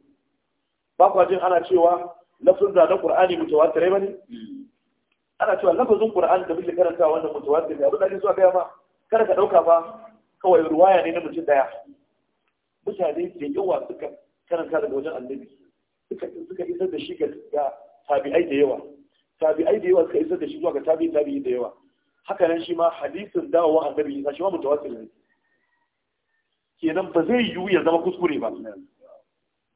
ba kwa jin ana cewa lafzunza na qur'ani mutawatir bane hmm. ana cewa lafazin qur'ani da muke karanta wanda mutawatir ne abin da ake a gaya ma kada ka dauka ba kawai ruwaya ne na mutum daya mutane da yawa suka karanta daga wajen annabi suka suka isar da shi ga tabi'ai da yawa tabi'ai da yawa suka isar da shi zuwa ga tabi'i tabi'i da yawa haka nan shi ma hadisin dawowa annabi ya shi ma mutawatir ne kenan ba zai yiwu ya zama kuskure ba hmm.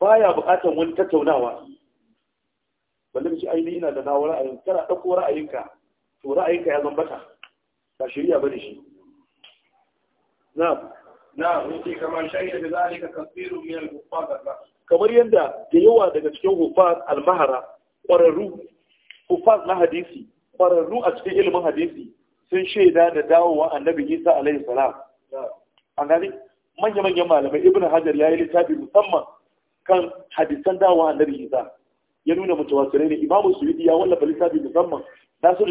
baya buƙatar wani tattaunawa balle ka ce aini ina da nawa ra'ayin kana ɗauko ra'ayinka to ra'ayinka ya zambata ba shirya ba da shi na na'am yace kamar shayi da zalika kasiru min al-kuffar kamar yadda da yawa daga cikin hufa al-mahara ƙwararru hufa na hadisi ƙwararru a cikin ilimin hadisi sun shaida da dawowa annabi Isa alaihi salam an gani manya-manyan malamai ibn hajar ya yi littafi musamman kan hadisan dawowa annabi Isa ya nuna mutawatirai ne imamu suyudi ya wallafa littafi musamman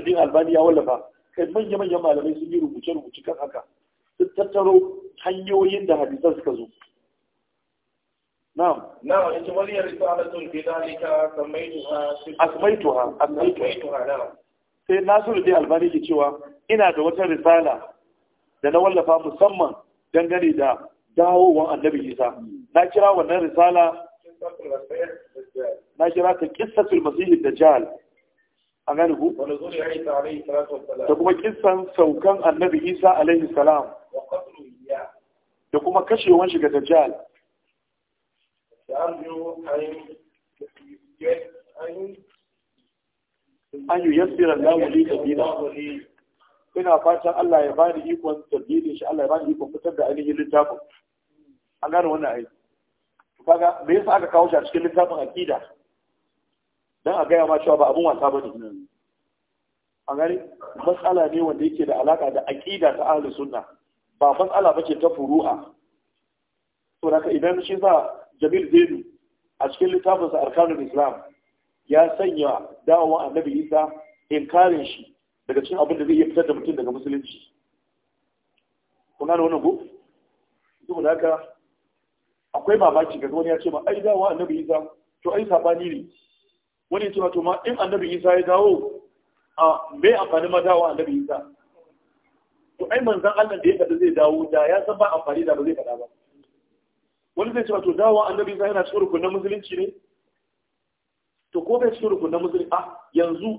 din albani ya wallafa kai manya manyan malamai sun yi rubuce rubuce kan haka sun tattaro hanyoyin da hadisan suka zo na'am na'am in wani risalatun fi dalika samaituha asmaituha asmaituha sai nasiruddin albani ke cewa ina da wata risala da na wallafa musamman dangane da dawowar annabi isa na kira wannan risala na kira ta kissatul masihi dajjal an gane da kuma kissan saukan annabi isa alaihi salam da kuma kashewan shiga dajjal an yi yasirar lamuli tabila ina fatan Allah ya bani ikon tabbilin shi Allah bani ikon fitar da an gane wannan aiki kaga me yasa aka kawo shi a cikin littafin aqida dan a gaya ma cewa ba abun wasa bane a gani matsala ne wanda yake da alaka da aqida ta ahli sunna ba matsala bace ta furu'a to da idan shi sa Jamil Zainu a cikin littafin sa Arkanul Islam ya sanya dawon Annabi Isa inkarin shi daga cikin abin da zai iya fitar da mutum daga musulunci kun gane wannan ko saboda haka akwai babaci ga wani ya ce ma ai dawo annabi isa to ai sabani ne wani ya ce ma to ma in annabi isa ya dawo a me amfani ma dawo annabi isa to ai manzan Allah da ya faɗa zai dawo da ya san ba amfani da ba zai faɗa ba wani zai ce ma to dawo annabi isa yana cikin rukunin musulunci ne to ko bai cikin rukunin musulunci a yanzu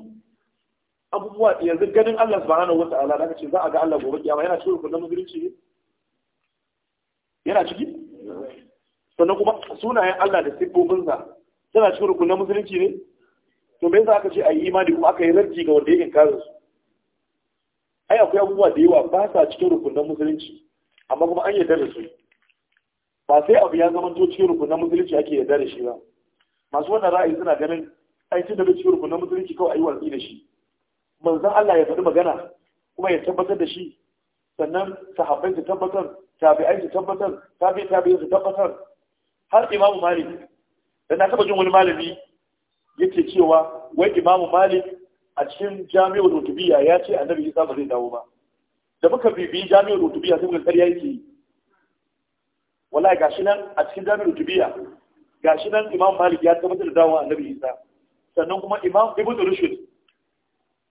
abubuwa yanzu ganin Allah subhanahu wa ta'ala da ce za a ga Allah gobe kiyama yana cikin rukunin musulunci ne yana ciki sannan kuma sunayen Allah da siffofinsa suna cikin rukunin musulunci ne to me yasa aka ce ayi imani kuma aka yi rarki ga wanda ya inkarin su ai akwai abubuwa da yawa ba sa cikin rukunin musulunci amma kuma an yarda da su ba sai abu ya zama to cikin rukunin musulunci ake yarda da shi ba masu wannan ra'ayi suna ganin ai tun daga cikin rukunin musulunci kawai ayi watsi da shi manzon Allah ya faɗi magana kuma ya tabbatar da shi sannan sahabbai su tabbatar tabi'ai su tabbatar tabi'ai su tabbatar har imamu malik da na taba jin wani malami yake cewa wai imamu malik a cikin jami'ar rutubiya ya ce annabi isa ba zai dawo ba da muka bibi jami'ar rutubiya sai muka karya yake yi wallahi gashi nan a cikin jami'ar rutubiya gashi nan imam malik ya tabbatar da dawo annabi isa sannan kuma imam ibnu rushd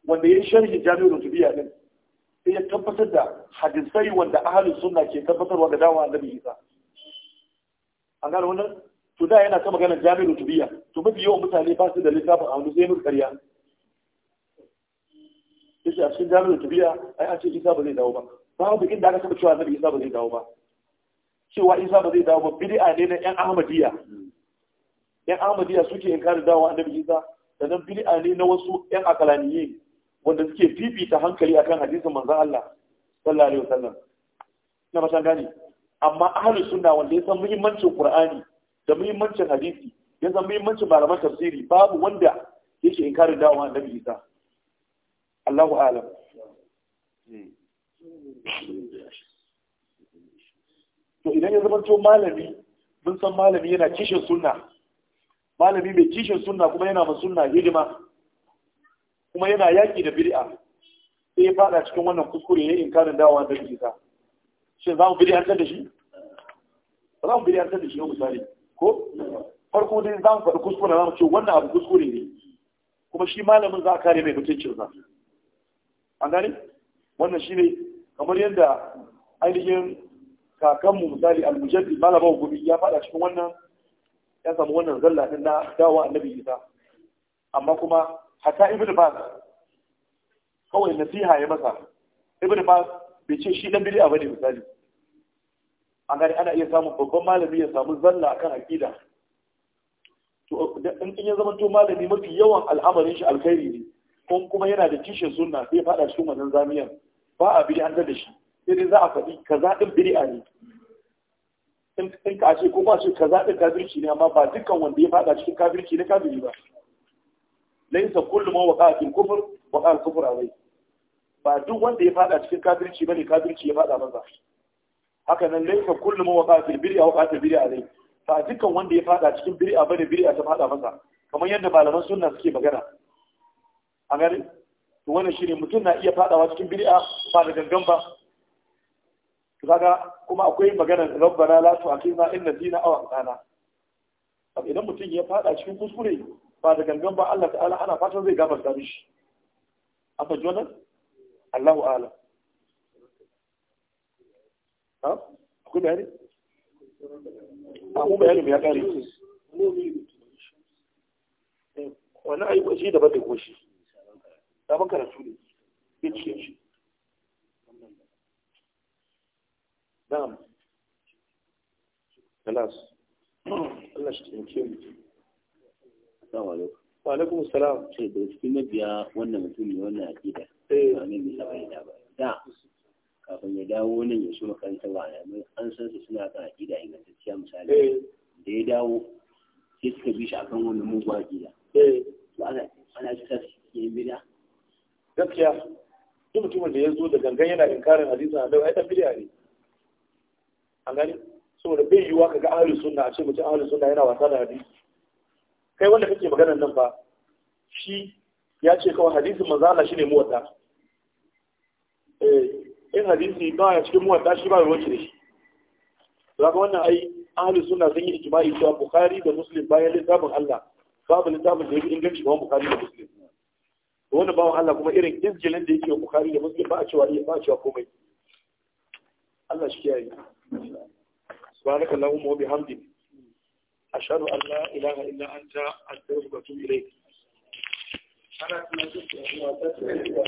wanda ya sharhi jami'ar rutubiya din sai ya tabbatar da hadisai wanda ahlus sunna ke tabbatarwa da dawo annabi isa an gane wannan to da yana ta ganin jami'ar tubiya to mafi yawan mutane ba su da littafin a wani zai mun karya yace a cikin jami'ar tubiya ai an ce isa ba zai dawo ba babu inda aka saba cewa annabi isa ba zai dawo ba cewa isa ba zai dawo ba bid'a ne na yan ahmadiyya yan ahmadiyya suke inkarin dawo annabi isa sannan bid'a ne na wasu yan akalaniye wanda suke fifita hankali akan hadisin manzon Allah sallallahu alaihi wasallam na ba san gani amma ahli sunna wanda ya san muhimmancin qur'ani da muhimmancin hadisi ya san muhimmancin malaman tafsiri babu wanda yake inkarin dawowa annabi isa Allahu alam to idan ya zama to malami mun san malami yana kishin sunna malami mai kishin sunna kuma yana ma sunna hidima kuma yana yaki da bid'a sai ya fada cikin wannan kuskure ya inkarin dawowa annabi isa shi za mu bidiyantar da shi ba za mu bidiyantar da shi yau misali ko farko dai za mu faɗi kuskure za mu ce wannan abu kuskure ne kuma shi malamin za a kare mai mutuncinsa an gane wannan shi ne kamar yadda ainihin kakanmu misali almujaddi malaman gobi ya faɗa cikin wannan ya samu wannan zalla na dawa annabi isa amma kuma hatta ibn bas kawai nasiha ya masa ibn bas bai ce shi dan bid'a bane misali an gani ana iya samun babban malami ya samu zalla akan aqida to in ya zama to malami mafi yawan al'amarin shi alkhairi ne ko kuma yana da kishin sunna sai ya fada cikin wannan zamiyan ba a bi an da shi sai dai za a faɗi kaza din bid'a ne in ka ce ko ba shi kaza din kafirci ne amma ba dukkan wanda ya fada cikin kafirci ne kafiri ba laysa kullu ma waqa fil kufr waqa al kufr alayhi ba duk wanda ya fada cikin kafirci bane kafirci ya fada masa haka nan laifa kullum mawaqa fil bir'a wa qatil bir'a ne. ba dukkan wanda ya fada cikin bir'a bane bir'a ta fada masa kamar yadda malaman sunna suke magana a gare to wannan shine mutum na iya fadawa cikin bir'a ba da gangan ba kaga kuma akwai maganar rabbana la tu'aqina inna nasina aw akhtana idan mutum ya fada cikin kuskure ba da gangan ba Allah ta'ala ana fatan zai gafarta mishi amma jonan Allahu alam ha akwai bayani akwai ah, bayani ya kare shi daban da karatu ne bai cikin shi na'am خلاص الله يشتركين السلام عليكم وعليكم السلام da wannan mutum ne wannan Eh. da kafin ya dawo nan ya so makaranta ba mai an san su suna kan aƙida ingantacciya misali eh. da ya dawo sai suka bi shi akan wani mugu aƙida eh. to ana ana ta yin bida gaskiya duk mutumin da ya zo da gangan yana inkarin a dawa ya tafi da ne A gani saboda bai yiwuwa kaga ahlus sunna a ce mutum ahlus sunna yana wasa da hadisi kai wanda kake maganar nan ba. shi ya ce kawai hadisin manzo Allah shine muwata. Eh, in hadisi ba a cikin muwatta shi ba ruwanci da shi za ka wannan ai ahli suna sun yi ijma'i cewa bukhari da muslim bayan littafin allah babu littafin da ya fi inganci kamar bukhari da muslim wani bawan allah kuma irin injilin da yake wa bukhari da muslim ba a cewa iya ba a cewa komai allah shi kiyaye سبحانك اللهم وبحمدك أشهد أن لا إله إلا أنت أستغفرك وأتوب إليك